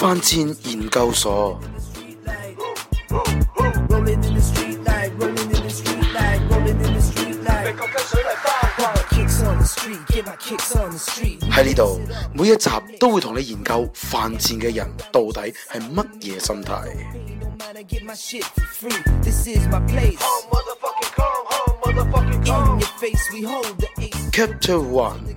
犯賤研究所喺呢度，每一集都會同你研究犯賤嘅人到底係乜嘢心態。Chapter One。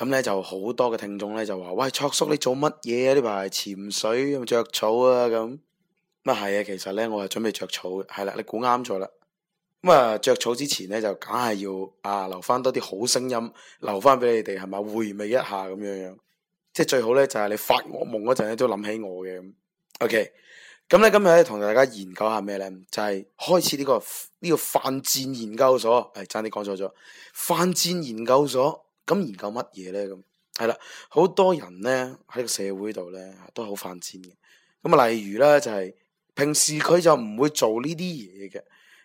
咁咧就好多嘅聽眾咧就話，喂，卓叔你做乜嘢啊？呢排潛水又着草啊？咁，咪係啊？其實咧，我係準備着草，係啦，你估啱咗啦。咁、嗯、啊，着草之前咧就梗係要啊，留翻多啲好聲音，留翻俾你哋係咪回味一下咁樣樣。即係最好咧，就係、是、你發噩夢嗰陣咧，都諗起我嘅。OK，咁咧今日咧同大家研究下咩咧？就係、是、開始呢、這個呢、這個犯賤研究所。係、哎，差啲講錯咗，犯賤研究所。咁研究乜嘢呢？咁係啦，好多人呢喺個社會度呢，都好犯賤嘅。咁、嗯、啊，例如呢，就係、是、平時佢就唔會做、嗯、呢啲嘢嘅。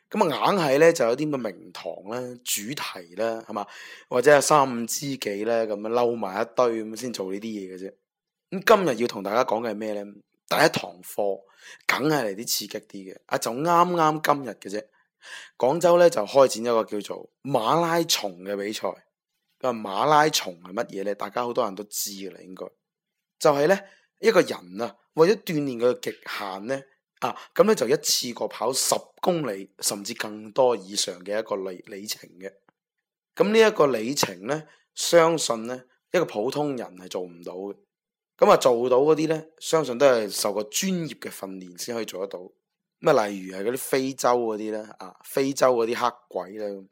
咁啊，硬係呢就有啲咁嘅名堂啦、主題啦，係嘛？或者係三五知己呢，咁樣撈埋一堆咁先做呢啲嘢嘅啫。咁、嗯、今日要同大家講嘅係咩呢？第一堂課，梗係嚟啲刺激啲嘅。啊，就啱啱今日嘅啫，廣州呢，就開展一個叫做馬拉松嘅比賽。個馬拉松係乜嘢咧？大家好多人都知㗎喇，應該就係咧一個人啊，為咗鍛煉佢嘅極限咧，啊咁咧就一次過跑十公里，甚至更多以上嘅一個里里程嘅。咁呢一個里程咧，相信咧一個普通人係做唔到嘅。咁、嗯、啊做到嗰啲咧，相信都係受過專業嘅訓練先可以做得到。咁、嗯、啊，例如係嗰啲非洲嗰啲咧，啊非洲嗰啲黑鬼咧。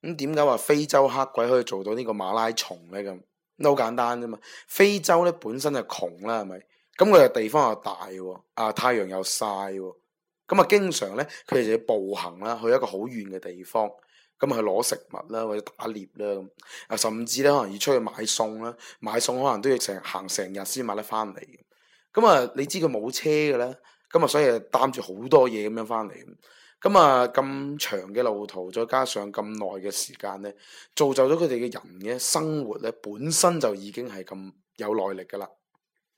咁點解話非洲黑鬼可以做到呢個馬拉松呢？咁都好簡單啫嘛。非洲咧本身就窮啦，係咪？咁佢地方又大啊，太陽又啊太陽又曬，咁啊經常咧佢哋就要步行啦、啊，去一個好遠嘅地方，咁去攞食物啦、啊，或者打獵啦、啊，啊甚至咧可能要出去買餸啦、啊，買餸可能都要成日行成日先買得翻嚟。咁啊，你知佢冇車嘅咧，咁啊所以擔住好多嘢咁樣翻嚟。咁啊，咁長嘅路途，再加上咁耐嘅時間咧，造就咗佢哋嘅人嘅生活咧，本身就已經係咁有耐力噶啦。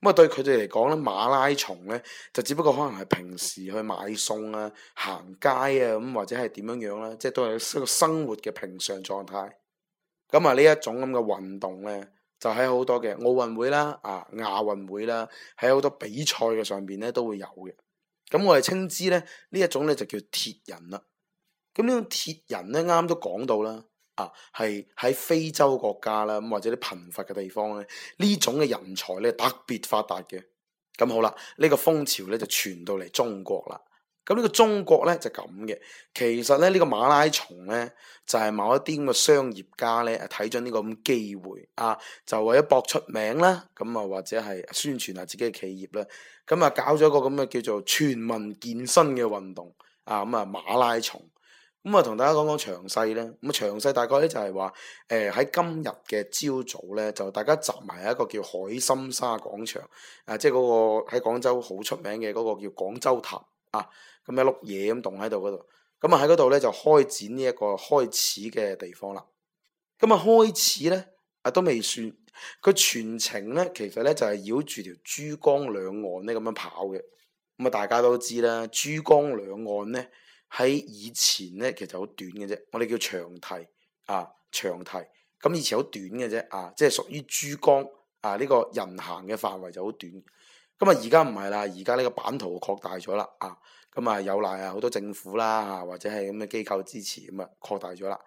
咁啊，對佢哋嚟講咧，馬拉松咧，就只不過可能係平時去買餸啊、行街啊咁，或者係點樣樣、啊、啦，即係都係一個生活嘅平常狀態。咁啊，呢一種咁嘅運動咧，就喺好多嘅奧運會啦、啊亞運會啦，喺好多比賽嘅上邊咧都會有嘅。咁我哋稱之咧，呢一種咧就叫鐵人啦。咁呢種鐵人咧，啱都講到啦，啊，係喺非洲國家啦，咁或者啲貧乏嘅地方咧，呢種嘅人才咧特別發達嘅。咁好啦，呢個風潮咧就傳到嚟中國啦。咁呢個中國咧就咁、是、嘅，其實咧呢、這個馬拉松咧就係、是、某一啲咁嘅商業家咧睇咗呢這個咁機會啊，就為咗博出名啦，咁啊或者係宣傳下自己嘅企業啦，咁啊搞咗一個咁嘅叫做全民健身嘅運動啊，咁啊馬拉松，咁啊同大家講講詳細咧，咁詳細大概咧就係話誒喺今日嘅朝早咧就大家集埋一個叫海心沙廣場啊，即係嗰個喺廣州好出名嘅嗰個叫廣州塔。啊，咁一碌嘢咁動喺度嗰度，咁啊喺嗰度咧就開展呢一個開始嘅地方啦。咁啊開始咧啊都未算，佢全程咧其實咧就係、是、繞住條珠江兩岸咧咁樣跑嘅。咁啊大家都知啦，珠江兩岸咧喺以前咧其實好短嘅啫，我哋叫長堤啊長堤，咁以前好短嘅啫啊，即係屬於珠江啊呢、這個人行嘅範圍就好短。咁啊，而家唔係啦，而家呢個版圖擴大咗啦，啊，咁啊有賴啊好多政府啦，吓或者係咁嘅機構支持，咁啊擴大咗啦。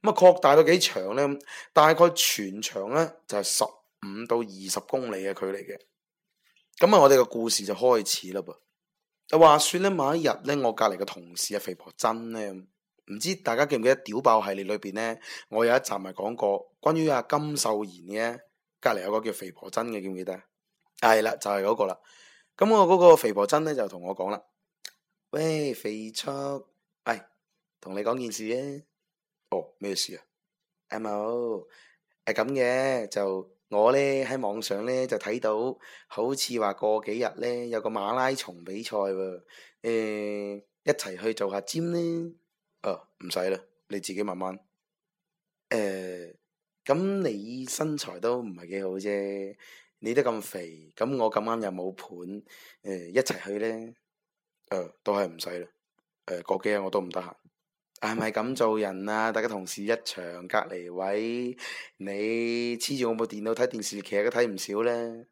咁啊擴大到幾長呢？大概全長呢，就係十五到二十公里嘅距離嘅。咁啊，我哋嘅故事就開始啦噃。話說呢，某一日呢，我隔籬嘅同事啊，肥婆真呢，唔知大家記唔記得屌爆系列裏邊呢，我有一集咪講過關於阿金秀賢嘅，隔籬有個叫肥婆真嘅，記唔記得？係啦，就係、是、嗰個啦。咁我嗰個肥婆真咧就同我講啦，喂，肥叔，喂、哎，同你講件事、哦、事啊。哦，咩事啊？阿毛，係咁嘅，就我咧喺網上咧就睇到，好似話過幾日咧有個馬拉松比賽喎、啊。誒、呃，一齊去做下 gym 咧？哦，唔使啦，你自己慢慢。誒、呃，咁你身材都唔係幾好啫。你都咁肥，咁我咁啱又冇盤，誒、呃、一齊去咧，誒、呃、都係唔使啦。誒、呃、過幾日我都唔得閒，係咪咁做人啊？大家同事一場，隔離位你黐住我部電腦睇電視劇都睇唔少呢、啊哎、啦。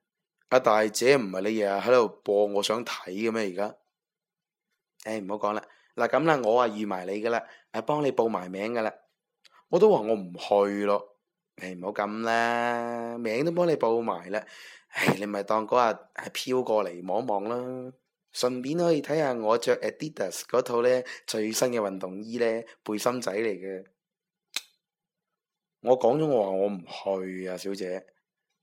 阿大姐唔係你日日喺度播我想睇嘅咩？而家，誒，唔好講啦。嗱咁啦，我啊預埋你噶啦，誒，幫你報埋名噶啦。我都話我唔去咯。唉，唔好咁啦，名都幫你報埋啦。唉，你咪當嗰日係飄過嚟望望啦，順便可以睇下我着 Adidas 嗰套咧最新嘅運動衣咧，背心仔嚟嘅。我講咗我話我唔去啊，小姐，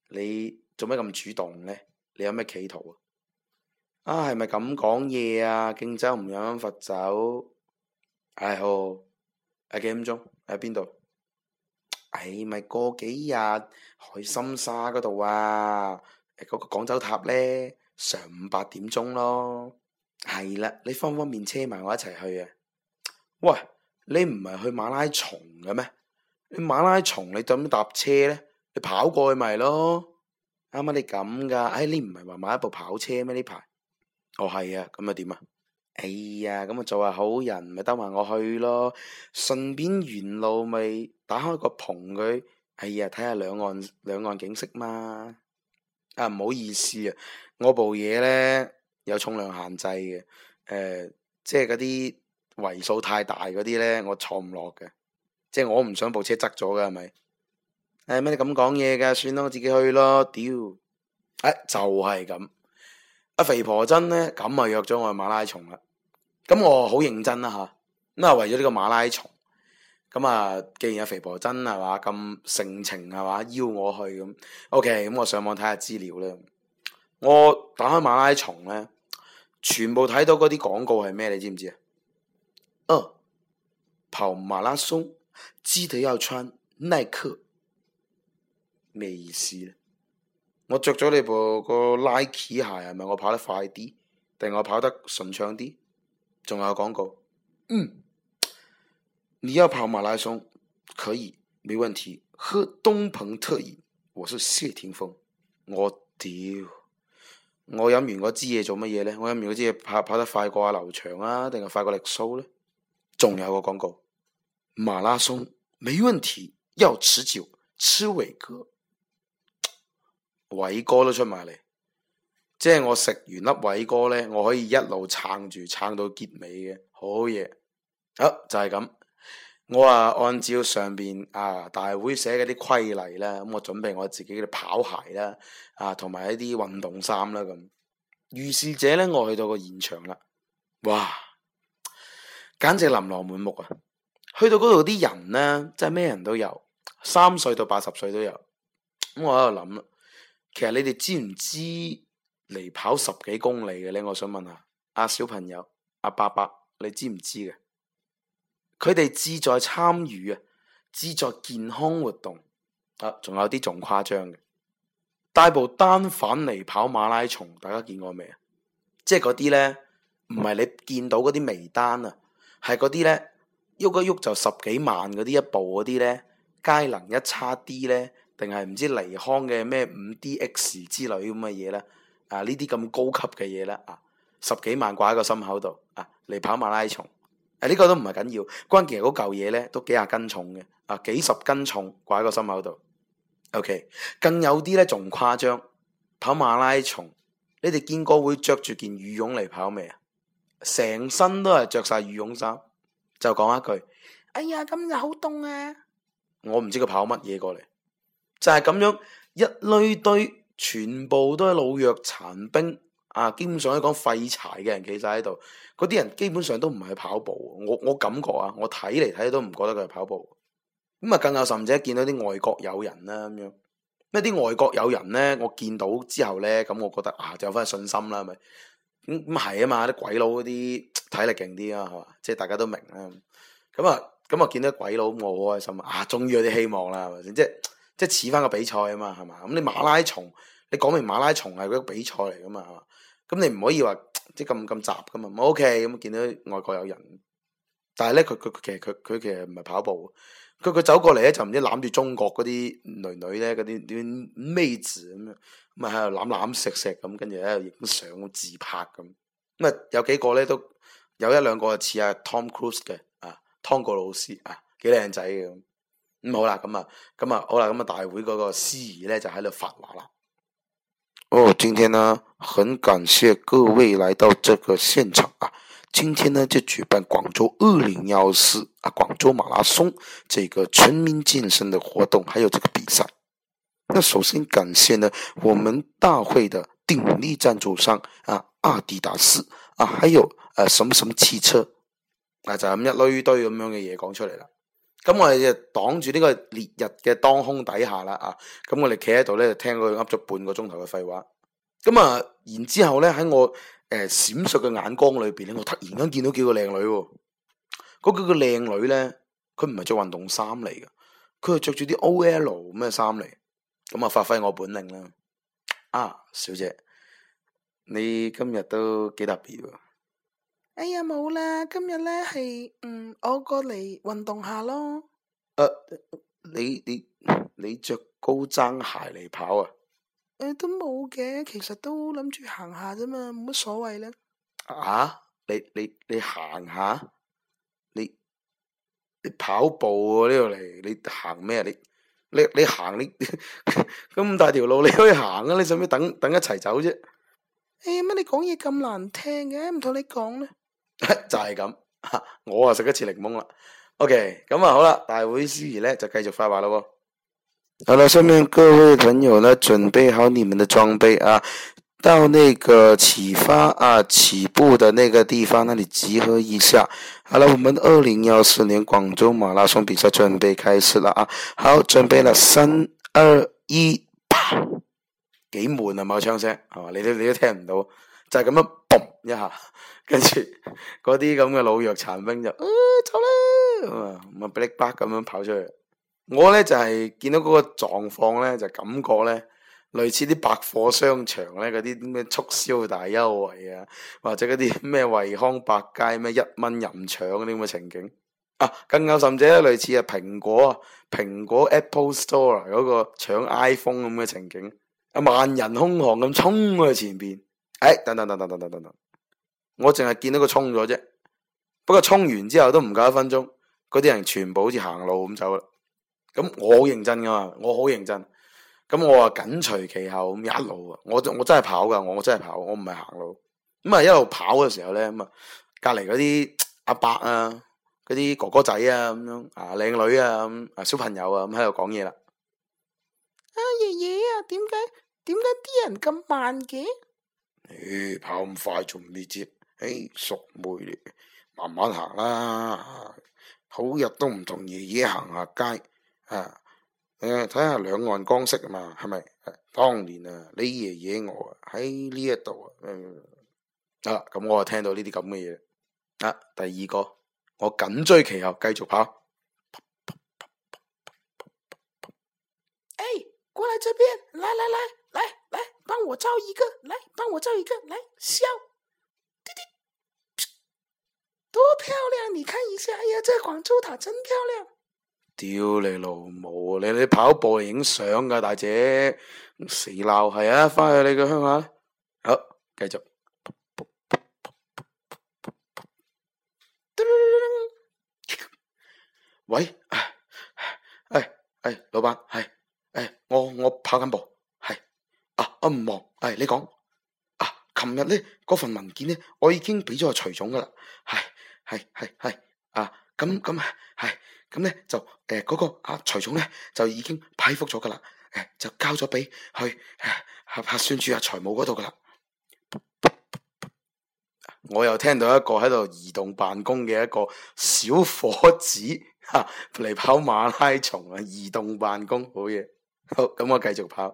你做咩咁主動咧？你有咩企圖啊？啊，係咪咁講嘢啊？敬酒唔飲佛酒？唉、哎，好，好，係幾點鐘？喺邊度？係咪過幾日海心沙嗰度啊？嗰、嗰個廣州塔呢，上午八點鐘咯。係啦，你方方便車埋我一齊去啊？喂，你唔係去馬拉松嘅咩？你馬拉松你做乜搭車呢？你跑過去咪咯？啱啱你咁噶？哎，你唔係話買一部跑車咩？呢排？哦，係啊，咁又點啊？哎呀，咁啊做下好人咪得埋我去咯，順便沿路咪打開個篷佢，哎呀睇下兩岸兩岸景色嘛。啊唔好意思啊，我部嘢呢，有重量限制嘅，誒、呃、即係嗰啲圍數太大嗰啲呢，我坐唔落嘅。即係我唔想部車側咗噶係咪？誒乜你咁講嘢噶？算啦，我自己去咯。屌、啊，就係、是、咁。阿肥婆真咧，咁啊約咗我去馬拉松啦，咁我好認真啦、啊、吓，咁啊為咗呢個馬拉松，咁啊既然阿肥婆真係話咁盛情係話邀我去咁，OK，咁我上網睇下資料啦。我打開馬拉松咧，全部睇到嗰啲廣告係咩？你知唔知啊？哦、嗯，跑馬拉松，知道要穿耐克，咩意思咧？我着咗你部個 Nike 鞋，係咪我跑得快啲？定我跑得順暢啲？仲有廣告，嗯，你要跑馬拉松可以，沒問題，喝東鵬特飲，我是謝霆鋒，我屌，我飲完嗰支嘢做乜嘢呢？我飲完嗰支嘢跑跑得快過阿劉翔啊？定係快過力蘇呢？仲有個廣告，馬拉松沒問題，要持久，吃偉哥。偉哥都出埋嚟，即係我食完粒偉哥呢，我可以一路撐住撐到結尾嘅，好嘢。好、啊、就係、是、咁，我啊按照上邊啊大會寫嗰啲規例啦，咁、啊、我準備我自己嘅跑鞋啦，啊同埋一啲運動衫啦咁。於、啊、示者呢，我去到個現場啦，哇，簡直琳琅滿目啊！去到嗰度啲人呢，真係咩人都有，三歲到八十歲都有。咁我喺度諗其實你哋知唔知嚟跑十幾公里嘅咧？我想問下阿、啊、小朋友、阿、啊、伯伯，你知唔知嘅？佢哋志在參與啊，志在健康活動啊，仲有啲仲誇張嘅，帶部單反嚟跑馬拉松，大家見過未啊？即係嗰啲咧，唔係你見到嗰啲微單啊，係嗰啲咧，喐一喐就十幾萬嗰啲，一部嗰啲咧佳能一差啲咧。定係唔知尼康嘅咩五 D X 之類咁嘅嘢咧？啊，呢啲咁高級嘅嘢咧，啊，十幾萬掛喺個心口度，啊嚟跑馬拉松，誒、啊、呢、呢個都唔係緊要，關鍵係嗰嚿嘢咧都幾廿斤重嘅，啊幾十斤重掛喺、啊、個心口度。OK，更有啲咧仲誇張，跑馬拉松，你哋見過會着住件羽絨嚟跑未啊？成身都係着晒羽絨衫，就講一句，哎呀，今日好凍啊！我唔知佢跑乜嘢過嚟。就係咁樣一堆堆，全部都係老弱殘兵啊！基本上係講廢柴嘅人企晒喺度，嗰啲人基本上都唔係跑步。我我感覺啊，我睇嚟睇都唔覺得佢係跑步。咁啊，更有甚者，見到啲外國友人啦咁樣，咩啲外國友人咧，我見到之後咧，咁我覺得啊，就有翻信心啦，咪咁咁係啊嘛，啲鬼佬嗰啲體力勁啲啊，係嘛？即係大家都明啦。咁啊咁啊，我見到鬼佬，我好開心啊！終於有啲希望啦，係咪先？即係。即係似翻個比賽啊嘛，係嘛？咁你馬拉松，你講明馬拉松係一個比賽嚟噶嘛，係嘛？咁你唔可以話即係咁咁雜噶嘛？OK，咁見到外國有人，但係咧佢佢其實佢佢其實唔係跑步，佢佢走過嚟咧就唔知攬住中國嗰啲女女咧嗰啲啲妹子咁，咁啊喺度攬攬食食咁，跟住喺度影相自拍咁。咁啊有幾個咧都有一兩個似阿 Tom Cruise 嘅啊湯哥老師啊幾靚仔嘅咁。咁好啦，咁啊，咁啊，好啦，咁啊，大會嗰個司儀咧就喺度發話啦。哦，今天呢，很感謝各位來到這個現場啊！今天呢就舉辦廣州二零幺四啊，廣州馬拉松這個全民健身的活動，還有這個比賽。那首先感謝呢，我們大會的鼎力贊助商啊，阿迪達斯啊，還有啊，什麼什麼汽車啊，就咁一堆堆咁樣嘅嘢講出嚟啦。咁我哋就擋住呢個烈日嘅當空底下啦，啊！咁我哋企喺度咧，聽佢噏咗半個鐘頭嘅廢話。咁啊，然之後咧喺我誒、呃、閃爍嘅眼光裏邊咧，我突然間見到幾個靚女。嗰幾個靚女咧，佢唔係着運動衫嚟嘅，佢係着住啲 OL 咩衫嚟。咁啊，發揮我本領啦！啊，小姐，你今日都幾特別喎。哎呀，冇啦！今日咧係，嗯，我過嚟運動下咯。誒、呃，你你你着高踭鞋嚟跑啊？誒、呃，都冇嘅，其實都諗住行下啫嘛，冇乜所謂啦。啊？你你你行下？你你跑步呢度嚟？你行咩？你你你行呢？咁 大條路你可以行啊？你使唔使等等一齊走啫、啊？哎呀，乜你講嘢咁難聽嘅、啊？唔同你講啦。 就係咁、啊，我啊食一次檸檬啦。OK，咁、嗯、啊好啦，大會司儀咧就繼續發話咯。好啦，下面各位朋友呢，準備好你們的裝備啊，到那個起發啊起步的那個地方那裏集合一下。好了，我們二零一四年廣州馬拉松比賽準備開始了啊。好，準備啦，三二一，啪！幾悶啊，冇槍聲係嘛？你都你都，你都聽唔到。就係咁樣嘣一下，跟住嗰啲咁嘅老弱殘兵就，啊走啦，咁啊，咁樣咁樣跑出去。我呢，就係、是、見到嗰個狀況呢，就是、感覺呢，類似啲百貨商場呢，嗰啲咩促銷大優惠啊，或者嗰啲咩惠康百佳咩一蚊任搶嗰啲咁嘅情景啊，更有甚者咧，類似啊蘋果蘋果 Apple Store 嗰個搶 iPhone 咁嘅情景，啊萬人空巷咁衝去前邊。誒、哎，等等等等等等等等，等，我淨係見到佢衝咗啫。不過衝完之後都唔夠一分鐘，嗰啲人全部好似行路咁走啦。咁我好認真噶嘛，我好認真。咁我啊緊隨其後咁一路啊，我我真係跑噶，我真係跑，跑，我唔係行路。咁啊一路跑嘅時候咧，咁啊隔籬嗰啲阿伯啊，嗰啲哥哥仔啊，咁樣啊靚女啊，咁啊小朋友啊，咁喺度講嘢啦。啊爺爺啊，點解點解啲人咁慢嘅？誒、哎，跑咁快仲未接？誒、哎，熟妹，慢慢行啦，啊。好日都唔同爺爺行下街啊。誒、呃，睇下兩岸光色啊嘛，係咪，啊？當年啊，你爺爺我喺呢一度啊。啊，咁我就聽到呢啲咁嘅嘢。啊，第二個，我緊追其後，繼續跑。誒、欸，過嚟，這邊，嚟嚟嚟。來。來來幫我照一個，來幫我照一個，來笑叮叮，多漂亮！你看一下，哎呀，這廣州塔真漂亮。屌你老母，你你跑步嚟影相噶，大姐死鬧係啊，翻去你嘅鄉下。好，繼續。喂，哎，哎，老闆，係誒，誒，誒，我我跑緊步。啊唔忙係你講啊！琴日咧份文件咧，我已經俾咗阿徐總噶啦，係係係係啊！咁咁係咁咧就誒嗰個阿徐總咧就已經批復咗噶啦，誒就交咗俾去核核算處啊財務嗰度噶啦。我又聽到一個喺度移動辦公嘅一個小伙子吓嚟跑馬拉松啊！移動辦公好嘢，好咁我繼續跑。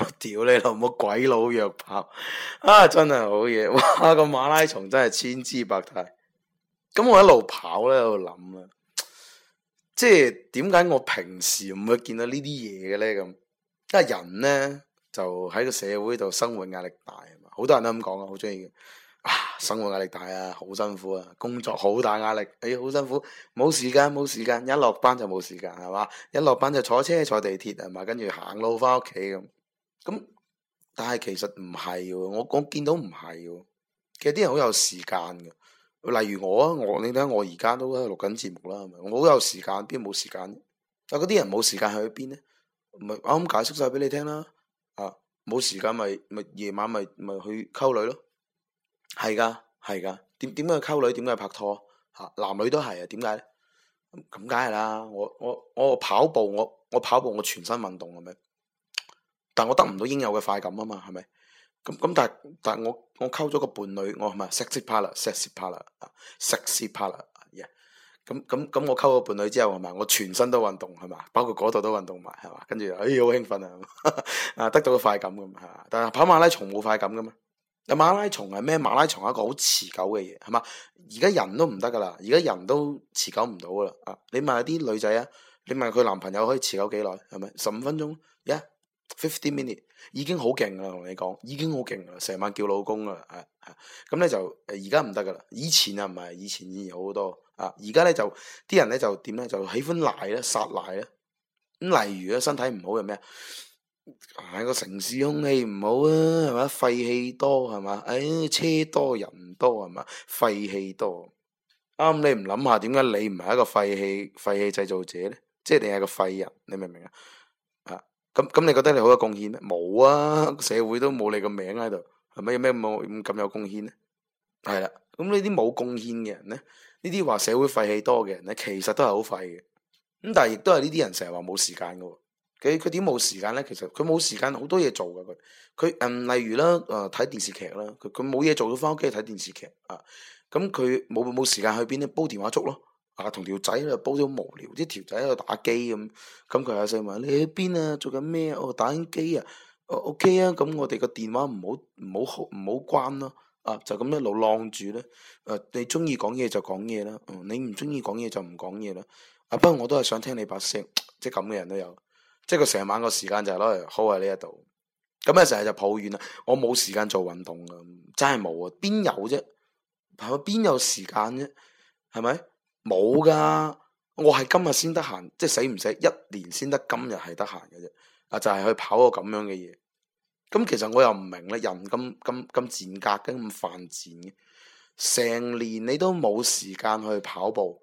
我屌你老母鬼佬約炮，啊！ uh, 真係好嘢，哇、這個馬拉松真係千姿百態。咁我一路跑咧，喺度諗啊，即係點解我平時唔會見到呢啲嘢嘅咧？咁因為人呢，就喺個社會度生活壓力大嘛。好多人都咁講啊，好中意嘅。啊，生活壓力大啊，好辛苦啊，工作好大壓力，哎、欸，好辛苦，冇時間，冇時，時間，一落班就冇時間係嘛，一落班就坐車坐地鐵係嘛，跟住行路翻屋企咁。咁、嗯，但係其實唔係，我講見到唔係，其實啲人好有時間嘅。例如我啊，我你睇我而家都錄緊節目啦，係咪，我好有時間，邊冇時間？但嗰啲人冇時間去邊呢？我啱解釋晒俾你聽啦，啊，冇時間咪咪夜晚咪咪去溝女咯，係噶係噶。點點解溝女？點解拍拖？吓、啊，男女都係啊。點解？咁梗係啦。我我我跑步，我我跑步，我全身運動咁樣。但我得唔到應有嘅快感啊？嘛，係咪咁咁？但但我我溝咗個伴侶，我係咪 sexy partner sexy partner 啊，sexy partner 呀？咁咁咁，我溝個伴侶之後，係咪我全身都運動係嘛？包括嗰度都運動埋係嘛？跟住哎好興奮啊！啊，得到個快感咁係嘛？但係跑馬拉松冇快感噶嘛。啊，馬拉松係咩？馬拉松係一個好持久嘅嘢係嘛？而家人都唔得噶啦，而家人都持久唔到噶啦啊！你問下啲女仔啊，你問佢男朋友可以持久幾耐？係咪十五分鐘？Fifty minute 已經好勁啦，同你講已經好勁啦，成晚叫老公啦，咁咧、嗯、就而家唔得噶啦，以前啊唔係，以前有好多啊，而家呢，就啲人呢，就點呢？就喜歡賴咧，殺賴咧。咁例如咧，身體唔好又咩啊？喺個城市空氣唔好啊，係咪？廢氣多係嘛？哎，車多人多係嘛？廢氣多。啱、嗯，你唔諗下點解你唔係一個廢氣廢氣製造者呢？即係你係個廢人？你明唔明啊？咁咁，你覺得你好有貢獻咩？冇啊，社會都冇你個名喺度，係咪有咩冇咁有貢獻呢？係啦，咁呢啲冇貢獻嘅人咧，呢啲話社會廢氣多嘅人咧，其實都係好廢嘅。咁但係亦都係呢啲人成日話冇時間噶佢佢點冇時間咧？其實佢冇時間，好多嘢做噶佢。佢嗯，例如啦，誒、呃、睇電視劇啦，佢佢冇嘢做，佢翻屋企睇電視劇啊。咁佢冇冇時間去邊咧？煲電話粥咯。同條仔咧煲啲無聊，啲條仔喺度打機咁，咁佢阿細妹你喺邊啊？做緊咩、哦、啊？哦，打機啊，哦 OK 啊，咁我哋個電話唔好唔好唔好關咯，啊就咁一路晾住咧，誒你中意講嘢就講嘢啦，你唔中意講嘢就唔講嘢啦，啊不過、啊、我都係想聽你把聲，即係咁嘅人都有，即係佢成晚個時間就係攞嚟好 o 喺呢一度，咁咧成日就抱怨啊，我冇時間做運動噶，真係冇啊，邊有啫，咪邊有時間啫，係咪？冇噶，我係今日先得閒，即係死唔死，一年先得今日係得閒嘅啫？啊，就係、是、去跑個咁樣嘅嘢。咁、啊、其實我又唔明咧，人咁咁咁賤格，咁咁犯賤嘅，成年你都冇時間去跑步，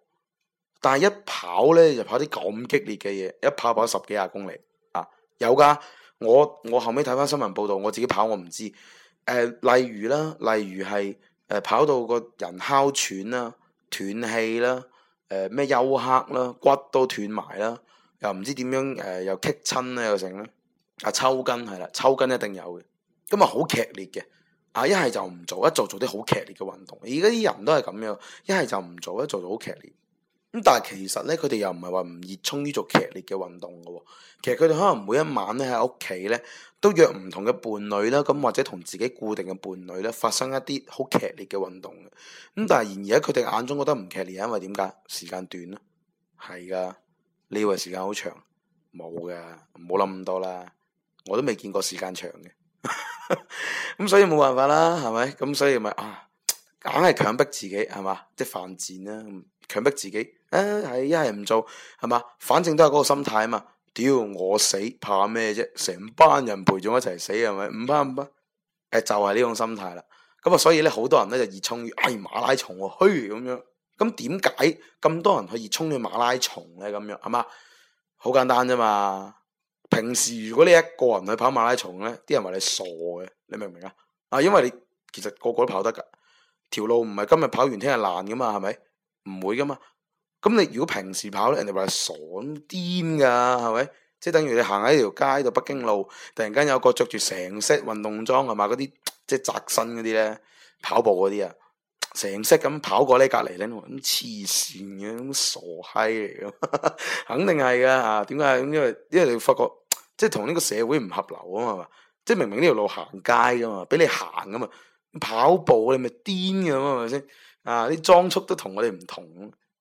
但係一跑咧就跑啲咁激烈嘅嘢，一跑跑十幾廿公里啊，有噶。我我後尾睇翻新聞報道，我自己跑我唔知。誒、呃，例如啦，例如係誒、呃、跑到個人哮喘啦。斷氣啦，誒、呃、咩休克啦，骨都斷埋啦，又唔知點樣誒、呃、又棘親咧又成咧，啊抽筋係啦，抽筋一定有嘅，咁啊好劇烈嘅，啊一係就唔做，一做做啲好劇烈嘅運動，而家啲人都係咁樣，一係就唔做，一做就好劇烈。咁但係其實咧，佢哋又唔係話唔熱衷於做劇烈嘅運動噶、哦。其實佢哋可能每一晚咧喺屋企咧，都約唔同嘅伴侶啦，咁、嗯、或者同自己固定嘅伴侶咧，發生一啲好劇烈嘅運動。咁、嗯、但係然而家，佢哋眼中覺得唔劇烈，因為點解？時間短啦。係噶，你以為時間好長？冇嘅，冇諗咁多啦。我都未見過時間長嘅。咁 所以冇辦法啦，係咪？咁所以咪、就是、啊，硬係強迫自己係嘛，即係犯賤啦。就是強迫自己，誒係一係唔做，係嘛？反正都係嗰個心態啊嘛。屌我死怕咩啫？成班人陪住我一齊死係咪？唔怕唔怕，誒、啊、就係、是、呢種心態啦。咁啊，所以咧好多人咧就熱衷於誒馬拉松啊，嘘咁樣。咁點解咁多人去熱衷去馬拉松咧、啊？咁樣係嘛？好簡單咋嘛？平時如果你一個人去跑馬拉松咧，啲人話你傻嘅，你明唔明啊？啊，因為你其實個個都跑得噶，條路唔係今日跑完聽日爛噶嘛，係咪？唔會噶嘛？咁你如果你平時跑咧，人哋話傻癲噶，係咪？即係等於你行喺一條街度北京路，突然間有個着住成色運動裝，係嘛？嗰啲即係窄身嗰啲咧，跑步嗰啲 啊，成色咁跑過呢隔籬咧，咁黐線嘅，咁傻閪嚟嘅，肯定係噶吓。點解？因為因為你發覺即係同呢個社會唔合流啊嘛，即係明明呢條路行街噶嘛，俾你行噶嘛，跑步你咪癲噶嘛，係咪先？啊！啲裝束都同我哋唔同，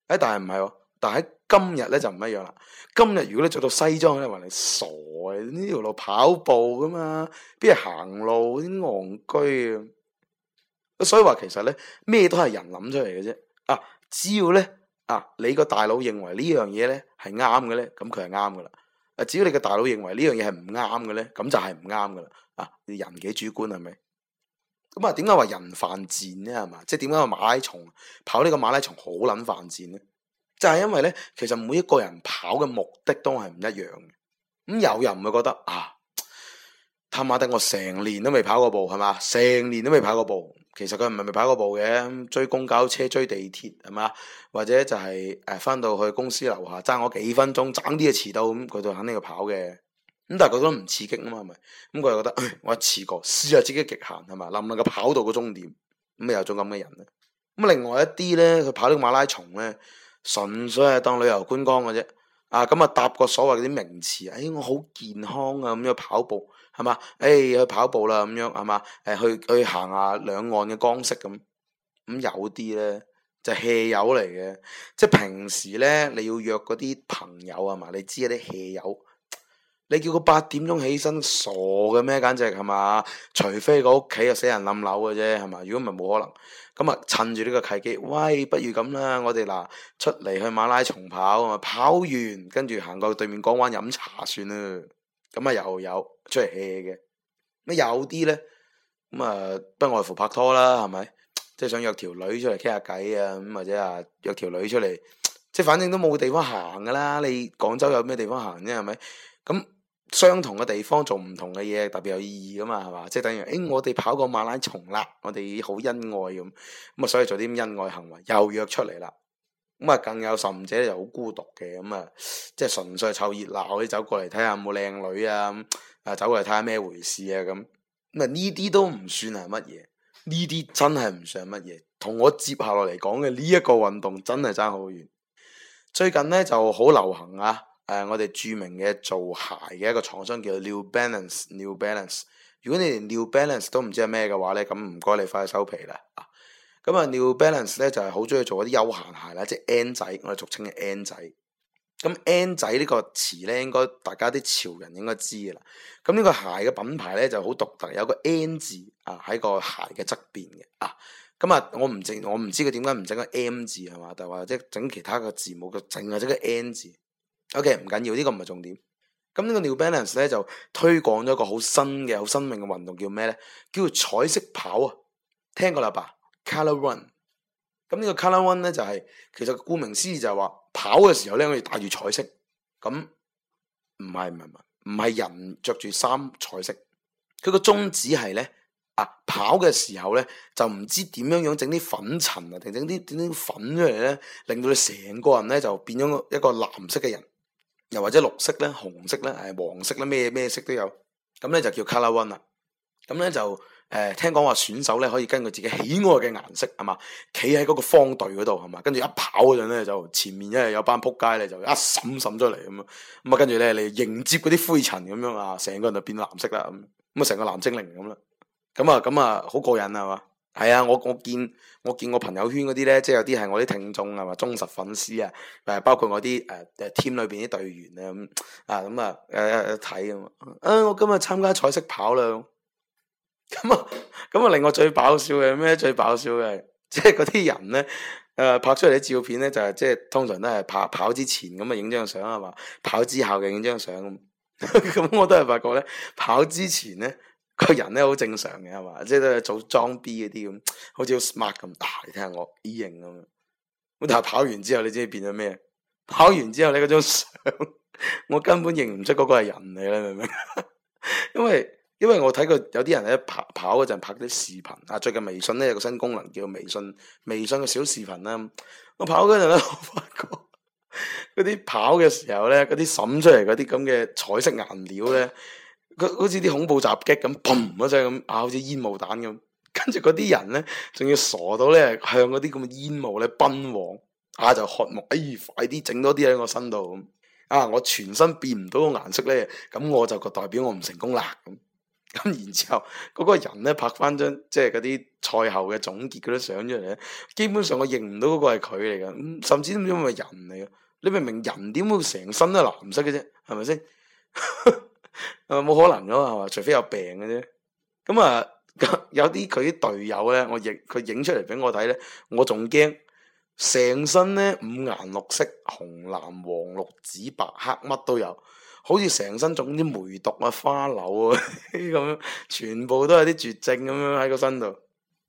哎、哦！但係唔係喎，但係今日咧就唔一樣啦。今日如果你着到西裝，我哋話你傻嘅，呢條路跑步噶嘛，邊係行路啲戇居啊？所以話其實咧，咩都係人諗出嚟嘅啫。啊，只要咧啊，你個大佬認為呢樣嘢咧係啱嘅咧，咁佢係啱嘅啦。啊，只要你個大佬認為呢樣嘢係唔啱嘅咧，咁就係唔啱嘅啦。啊，人幾主觀係咪？咁啊，點解話人犯賤呢？係嘛，即係點解個馬拉松跑呢個馬拉松好捻犯賤呢？就係、是、因為呢，其實每一個人跑嘅目的都係唔一樣嘅。咁、嗯、有人會覺得啊，他媽的，我成年都未跑過步，係嘛，成年都未跑過步。其實佢唔係未跑過步嘅，追公交車、追地鐵，係嘛，或者就係、是、誒、返、啊、到去公司樓下爭我幾分鐘，差啲就遲到，咁佢就肯定要跑嘅。咁但係覺得唔刺激啊嘛，係咪？咁佢又覺得我一次過試下自己極限係咪？能唔能夠跑到個終點？咁啊有種咁嘅人咧。咁另外一啲咧，佢跑呢個馬拉松咧，純粹係當旅遊觀光嘅啫。啊，咁、嗯、啊搭個所謂嗰啲名詞，哎，我好健康啊，咁樣跑步係嘛？哎，去跑步啦，咁樣係嘛？誒，去去行下兩岸嘅江色咁。咁、嗯、有啲咧就 hea 友嚟嘅，即係平時咧你要約嗰啲朋友係嘛？你知一啲 hea 友。你叫佢八點鐘起身傻嘅咩？簡直，係嘛？除非佢屋企有死人冧樓嘅啫，係嘛？如果唔係冇可能。咁啊，趁住呢個契機，喂，不如咁啦，我哋嗱出嚟，去馬拉松跑啊，跑完跟住行過去對面港灣飲茶算啦。咁啊，又有出嚟 hea 嘅。咩有啲呢，咁啊，不外乎拍拖啦，係咪？即係想約條女出嚟傾下偈啊，咁或者啊，約條女出嚟，即係反正都冇地方行噶啦。你廣州有咩地方行啫？係咪？咁。相同嘅地方做唔同嘅嘢，特別有意義噶嘛，係嘛？即係等於，誒、哎，我哋跑過馬拉松啦，我哋好恩愛咁，咁、嗯、啊，所以做啲恩愛行為又約出嚟啦。咁啊，更有甚者又好孤獨嘅，咁、嗯、啊，即係純粹湊熱鬧，可以走過嚟睇下有冇靚女啊，咁啊，走過嚟睇下咩回事啊，咁咁啊，呢啲都唔算係乜嘢，呢啲真係唔算乜嘢，同我接下來嚟講嘅呢一個運動真係爭好遠。最近咧就好流行啊。誒、啊，我哋著名嘅做鞋嘅一個廠商叫 New Balance，New Balance。Balance. 如果你連 New Balance 都唔知係咩嘅話咧，咁唔該你快去收皮啦啊！咁啊，New Balance 咧就係好中意做一啲休閒鞋啦，即係 N 仔，我哋俗稱嘅 N 仔。咁 N 仔個詞呢個詞咧，應該大家啲潮人應該知噶啦。咁呢個鞋嘅品牌咧就好獨特，有個 N 字啊喺個鞋嘅側邊嘅啊。咁啊，我唔整，我唔知佢點解唔整個 M 字係嘛？但係或者整其他嘅字母，佢整係整個 N 字。啊 O.K. 唔緊要，呢、這個唔係重點。咁呢個 New Balance 咧就推廣咗一個好新嘅、好新穎嘅運動，叫咩咧？叫做彩色跑啊！聽過喇吧？Color Run。咁呢個 Color Run 咧就係、是、其實顧名思義就係話跑嘅時候咧，我哋戴住彩色。咁唔係唔係唔係人着住衫彩色。佢個宗旨係咧啊，跑嘅時候咧就唔知點樣樣整啲粉塵啊，定整啲整啲粉出嚟咧，令到你成個人咧就變咗一個藍色嘅人。又或者綠色咧，紅色咧、誒、呃、黃色咧、咩咩色都有，咁、嗯、咧就叫 colour run 啦。咁咧就誒、呃、聽講話選手咧可以根據自己喜愛嘅顏色係嘛，企喺嗰個方隊嗰度係嘛，跟住一跑嗰陣咧就前面因為有班扑街咧就一冧冧出嚟咁樣，咁啊跟住咧你迎接嗰啲灰塵咁樣啊，成個人就變藍色啦咁，咁啊成個藍精靈咁啦，咁啊咁啊好過癮係嘛。係啊，我我見我見我朋友圈嗰啲咧，即係有啲係我啲聽眾啊，或忠實粉絲啊，誒，包括我啲誒誒 team 裏邊啲隊員啊，咁啊咁啊誒睇咁啊，我今日參加彩色跑啦，咁啊咁啊令我最搞笑嘅咩？最搞笑嘅，即係嗰啲人咧，誒、啊、拍出嚟啲照片咧，就係即係通常都係跑跑之前咁啊影張相啊嘛，跑之後嘅影張相咁，咁我都係發覺咧，跑之前咧。個人咧，好正常嘅，係嘛，即係都係做裝逼嗰啲咁，好似 smart 咁大。你睇下我異形咁，咁、e、但係跑完之後，你知你變咗咩？跑完之後，你嗰張相，我根本認唔出嗰個係人嚟啦，明唔明？因為因為我睇過有啲人喺跑跑嗰陣拍啲視頻啊，最近微信咧有個新功能叫微信微信嘅小視頻啦。我跑嗰陣咧，我發覺嗰啲跑嘅時候咧，嗰啲滲出嚟嗰啲咁嘅彩色顏料咧。好似啲恐怖襲擊咁，砰一聲咁，啊，好似煙霧彈咁。跟住嗰啲人呢，仲要傻到呢，向嗰啲咁嘅煙霧呢奔往，啊，就渴望，哎，快啲整多啲喺我身度。啊，我全身變唔到個顏色呢，咁我就代表我唔成功啦。咁、啊，咁然之後，嗰、那個人呢，拍翻張即係嗰啲賽後嘅總結嗰啲相出嚟呢，基本上我認唔到嗰個係佢嚟嘅，甚至唔知係咪人嚟嘅。你明唔明人點會成身都藍色嘅啫？係咪先？ 誒，冇、啊、可能噶嘛，除非有病嘅啫。咁、嗯、啊，有啲佢啲隊友咧，我影佢影出嚟俾我睇咧，我仲驚，成身咧五顏六色，紅藍黃綠紫白黑乜都有，好似成身種啲梅毒啊、花柳啊咁，全部都有啲絕症咁樣喺個身度。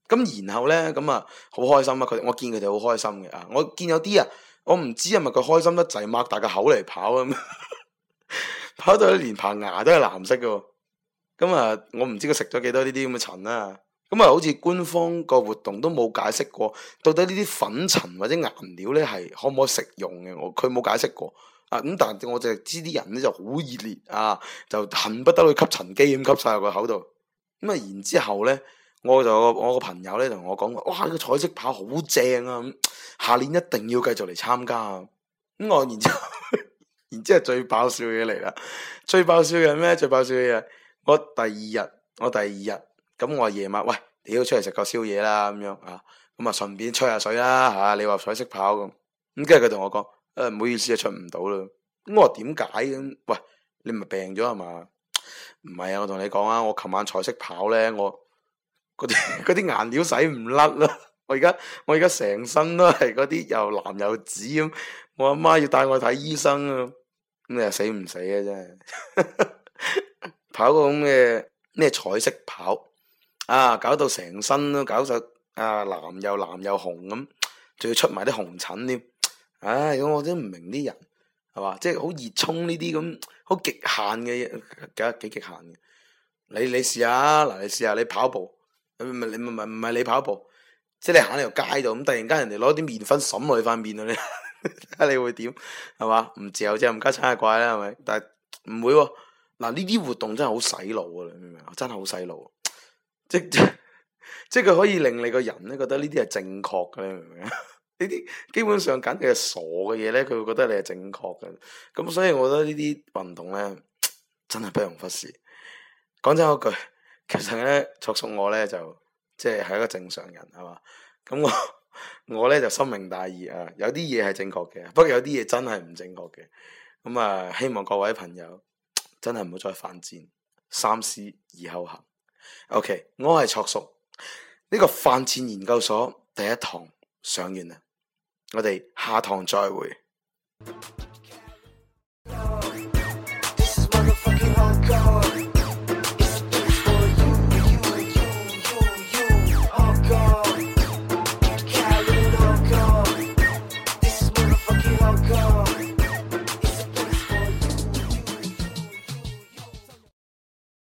咁、嗯、然後咧，咁、嗯、啊好開心啊！佢我見佢哋好開心嘅啊，我見有啲啊，我唔知係咪佢開心得滯，擘大個口嚟跑啊。跑到啲連棚牙都係藍色嘅，咁啊，我唔知佢食咗幾多呢啲咁嘅塵啊。咁啊，好似官方個活動都冇解釋過，到底呢啲粉塵或者顏料呢係可唔可以食用嘅？我佢冇解釋過啊。咁但係我就知啲人呢就好熱烈啊，就恨不得去吸塵機咁吸晒入個口度。咁啊，然之後咧，我就我個朋友呢同我講，哇，這個彩色跑好正啊！咁下年一定要繼續嚟參加啊！」咁我然之後。 然之後最爆笑嘅嘢嚟啦！最爆笑嘅咩？最爆笑嘅，我第二日，我第二日咁，我夜晚喂，你都出嚟食個宵夜啦咁樣啊，咁啊順便吹下水啦吓、啊，你話彩色跑咁，咁、嗯、跟住佢同我講，誒、啊、唔好意思啊，出唔到啦。我話點解咁？喂，你咪病咗係嘛？唔係啊，我同你講啊，我琴晚彩色跑呢，我嗰啲嗰啲顏料洗唔甩啦。我而家我而家成身都係嗰啲又藍又紫咁，我阿媽要帶我去睇醫生啊。咩死唔死、啊、真啫？ 跑個咁嘅咩彩色跑啊？搞到成身都搞實啊藍，又藍又紅咁，仲要出埋啲紅疹添。唉、啊，我真唔明啲人係嘛，即係好熱衷呢啲咁好極限嘅嘢，搞得幾極限嘅。你你試下嗱，你試下，你，下你跑步，唔唔唔唔係你跑步，即、就、係、是、你行喺條街度咁，突然間人哋攞啲麵粉抌落你塊面度咧。你睇 你會點係嘛？唔自由，即係，唔加餐係怪啦，係咪？但係唔會嗱，呢啲活動真係好洗腦啊，你明唔明啊？真係好洗腦，即即即佢可以令你個人咧覺得呢啲係正確嘅，你明唔明啊？呢啲基本上簡直係傻嘅嘢咧，佢會覺得你係正確嘅。咁所以我覺得運呢啲運動咧真係不容忽視。講真嗰句，其實咧，灼叔我咧就即係係一個正常人係嘛？咁我。我呢就深明大義啊，有啲嘢係正確嘅，不過有啲嘢真係唔正確嘅。咁、嗯、啊，希望各位朋友真係唔好再犯賤，三思而後行。OK，我係卓叔，呢、這個犯賤研究所第一堂上完啦，我哋下堂再會。